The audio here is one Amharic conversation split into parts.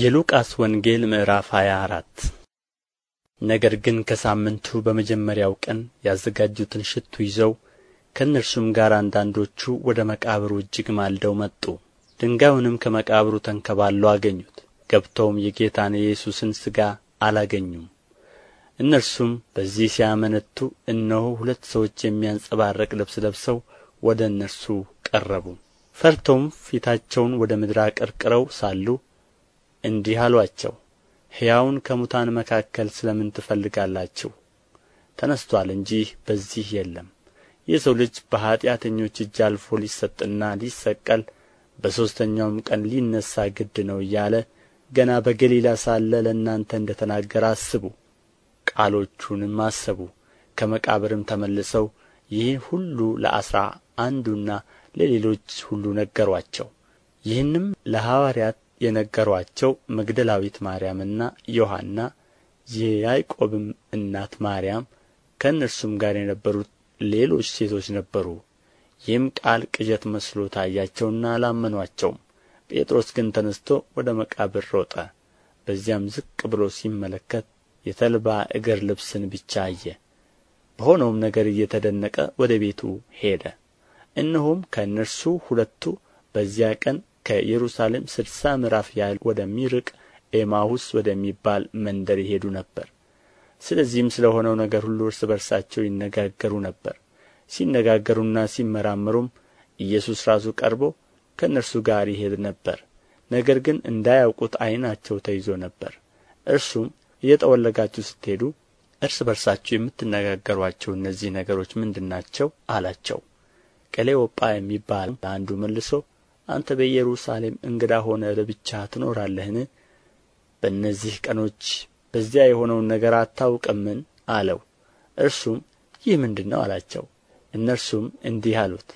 የሉቃስ ወንጌል ምዕራፍ 24 ነገር ግን ከሳምንቱ በመጀመሪያው ቀን ያዘጋጁትን ሽቱ ይዘው ከእነርሱም ጋር አንዳንዶቹ ወደ መቃብሩ እጅግ ማልደው መጡ። ድንጋዩንም ከመቃብሩ ተንከባሎ አገኙት። ገብተውም የጌታን የኢየሱስን ሥጋ አላገኙም። እነርሱም በዚህ ሲያመነቱ፣ እነሆ ሁለት ሰዎች የሚያንጸባርቅ ልብስ ለብሰው ወደ እነርሱ ቀረቡ። ፈርተውም ፊታቸውን ወደ ምድር አቀርቅረው ሳሉ እንዲህ አሏቸው፣ ሕያውን ከሙታን መካከል ስለ ምን ትፈልጋላችሁ ተነስቶአል እንጂ በዚህ የለም የሰው ልጅ በኀጢአተኞች እጅ አልፎ ሊሰጥና ሊሰቀል በሦስተኛውም ቀን ሊነሣ ግድ ነው እያለ ገና በገሊላ ሳለ ለእናንተ እንደ ተናገረ አስቡ ቃሎቹንም አሰቡ ከመቃብርም ተመልሰው ይህ ሁሉ ለአሥራ አንዱና ለሌሎች ሁሉ ነገሯቸው ይህንም ለሐዋርያት የነገሩአቸው መግደላዊት ማርያምና ዮሐና የያዕቆብም እናት ማርያም ከእነርሱም ጋር የነበሩት ሌሎች ሴቶች ነበሩ ይህም ቃል ቅዠት መስሎ ታያቸውና አላመኗቸውም። ጴጥሮስ ግን ተነስቶ ወደ መቃብር ሮጠ በዚያም ዝቅ ብሎ ሲመለከት የተልባ እግር ልብስን ብቻ አየ በሆነውም ነገር እየተደነቀ ወደ ቤቱ ሄደ እነሆም ከእነርሱ ሁለቱ በዚያ ቀን ከኢየሩሳሌም ስድሳ ምዕራፍ ያህል ወደሚርቅ ኤማሁስ ወደሚባል መንደር ይሄዱ ነበር ስለዚህም ስለ ሆነው ነገር ሁሉ እርስ በርሳቸው ይነጋገሩ ነበር ሲነጋገሩና ሲመራመሩም ኢየሱስ ራሱ ቀርቦ ከእነርሱ ጋር ይሄድ ነበር ነገር ግን እንዳያውቁት ዐይናቸው ተይዞ ነበር እርሱም እየጠወለጋችሁ ስትሄዱ እርስ በርሳችሁ የምትነጋገሯቸው እነዚህ ነገሮች ምንድናቸው አላቸው ቀሌዎጳ የሚባል አንዱ መልሶ አንተ በኢየሩሳሌም እንግዳ ሆነ ለብቻ ትኖራለህን በእነዚህ ቀኖች በዚያ የሆነውን ነገር አታውቅምን አለው እርሱም ይህ ምንድን ነው አላቸው እነርሱም እንዲህ አሉት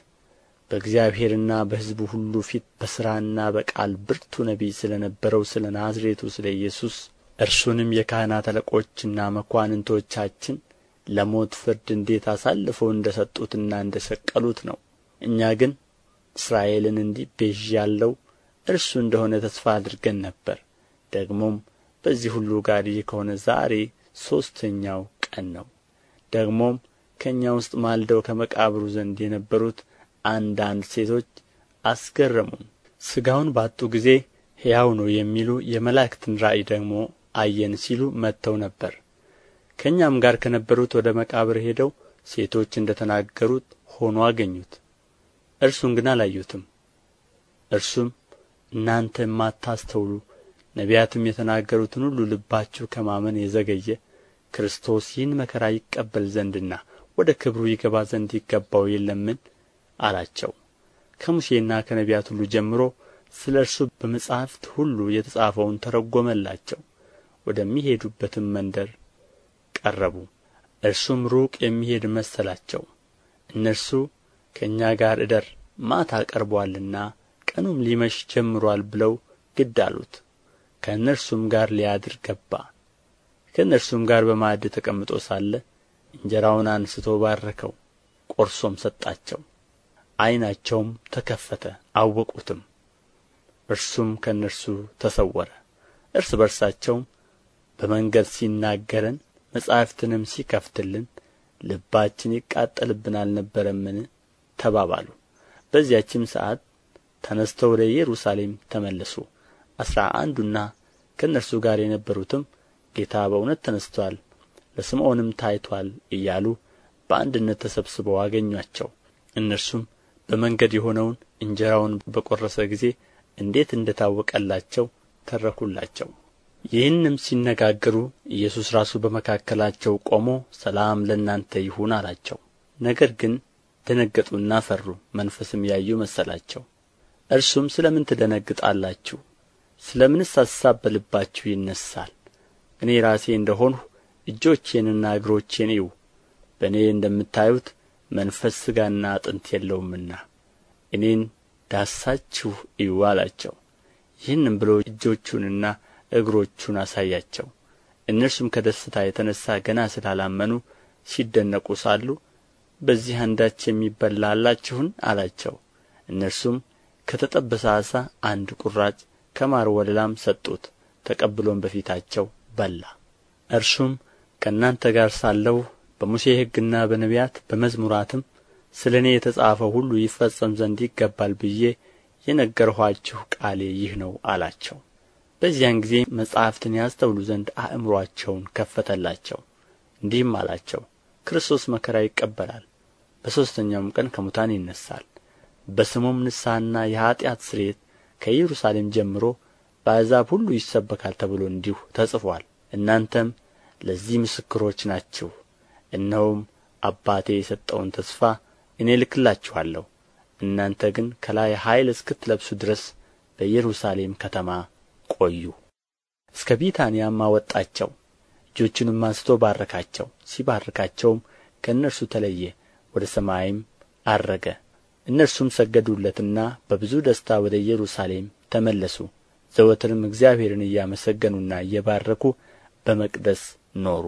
በእግዚአብሔርና በሕዝቡ ሁሉ ፊት በሥራና በቃል ብርቱ ነቢይ ስለ ነበረው ስለ ናዝሬቱ ስለ ኢየሱስ እርሱንም የካህናት አለቆችና መኳንንቶቻችን ለሞት ፍርድ እንዴት አሳልፈው እንደ ሰጡትና እንደ ሰቀሉት ነው እኛ ግን እስራኤልን እንዲቤዥ ያለው እርሱ እንደሆነ ተስፋ አድርገን ነበር ደግሞም በዚህ ሁሉ ይህ ከሆነ ዛሬ ሦስተኛው ቀን ነው ደግሞም ከእኛ ውስጥ ማልደው ከመቃብሩ ዘንድ የነበሩት አንዳንድ ሴቶች አስገረሙን ሥጋውን ባጡ ጊዜ ሕያው ነው የሚሉ የመላእክትን ራእይ ደግሞ አየን ሲሉ መጥተው ነበር ከእኛም ጋር ከነበሩት ወደ መቃብር ሄደው ሴቶች እንደ ተናገሩት ሆኖ አገኙት እርሱን ግን አላዩትም እርሱም እናንተ የማታስተውሉ ነቢያትም የተናገሩትን ሁሉ ልባችሁ ከማመን የዘገየ ክርስቶስ ይህን መከራ ይቀበል ዘንድና ወደ ክብሩ ይገባ ዘንድ ይገባው የለምን አላቸው ከሙሴና ከነቢያት ሁሉ ጀምሮ ስለ እርሱ በመጻሕፍት ሁሉ የተጻፈውን ተረጎመላቸው ወደሚሄዱበትም መንደር ቀረቡ እርሱም ሩቅ የሚሄድ መሰላቸው እነርሱ ከእኛ ጋር እደር ማታ ቀርቦአልና ቀኑም ሊመሽ ጀምሮአል ብለው ግድ አሉት ከእነርሱም ጋር ሊያድር ገባ ከእነርሱም ጋር በማዕድ ተቀምጦ ሳለ እንጀራውን አንስቶ ባረከው ቈርሶም ሰጣቸው ዐይናቸውም ተከፈተ አወቁትም እርሱም ከእነርሱ ተሰወረ እርስ በርሳቸውም በመንገድ ሲናገረን መጻሕፍትንም ሲከፍትልን ልባችን ይቃጠልብን አልነበረምን ተባባሉ በዚያችም ሰዓት ተነስተው ወደ ኢየሩሳሌም ተመለሱ አስራ አንዱና ከእነርሱ ጋር የነበሩትም ጌታ በእውነት ተነሥቶአል ለስምዖንም ታይቶአል እያሉ በአንድነት ተሰብስበው አገኟቸው። እነርሱም በመንገድ የሆነውን እንጀራውን በቈረሰ ጊዜ እንዴት እንደ ታወቀላቸው ተረኩላቸው ይህንም ሲነጋገሩ ኢየሱስ ራሱ በመካከላቸው ቆሞ ሰላም ለእናንተ ይሁን አላቸው ነገር ግን ደነገጡና ፈሩ፣ መንፈስም ያዩ መሰላቸው። እርሱም ስለ ምን ትደነግጣላችሁ? ስለ ምንስ አሳብ በልባችሁ ይነሳል። እኔ ራሴ እንደሆንሁ እጆቼንና እግሮቼን እዩ። በእኔ እንደምታዩት መንፈስ ሥጋና አጥንት የለውምና እኔን ዳሳችሁ እዩ አላቸው። ይህንም ብሎ እጆቹንና እግሮቹን አሳያቸው። እነርሱም ከደስታ የተነሣ ገና ስላላመኑ ሲደነቁ ሳሉ በዚህ አንዳች የሚበላ አላችሁን አላቸው እነርሱም ከተጠበሰ ዓሣ አንድ ቁራጭ ከማር ወለላም ሰጡት ተቀብሎም በፊታቸው በላ እርሱም ከእናንተ ጋር ሳለሁ በሙሴ ሕግና በነቢያት በመዝሙራትም ስለ እኔ የተጻፈው ሁሉ ይፈጸም ዘንድ ይገባል ብዬ የነገርኋችሁ ቃሌ ይህ ነው አላቸው። በዚያን ጊዜ መጻሕፍትን ያስተውሉ ዘንድ አእምሮአቸውን ከፈተላቸው፣ እንዲህም አላቸው ክርስቶስ መከራ ይቀበላል በሦስተኛውም ቀን ከሙታን ይነሣል በስሙም ንስሐና የኀጢአት ስርየት ከኢየሩሳሌም ጀምሮ በአሕዛብ ሁሉ ይሰበካል ተብሎ እንዲሁ ተጽፏል። እናንተም ለዚህ ምስክሮች ናችሁ እነሆም አባቴ የሰጠውን ተስፋ እኔ ልክላችኋለሁ። እናንተ ግን ከላይ ኃይል እስክትለብሱ ድረስ በኢየሩሳሌም ከተማ ቆዩ እስከ ቢታንያም አወጣቸው እጆቹንም አንስቶ ባረካቸው ሲባርካቸውም ከእነርሱ ተለየ ወደ ሰማይም አረገ። እነርሱም ሰገዱለትና በብዙ ደስታ ወደ ኢየሩሳሌም ተመለሱ ዘወትርም እግዚአብሔርን እያመሰገኑና እየባረኩ በመቅደስ ኖሩ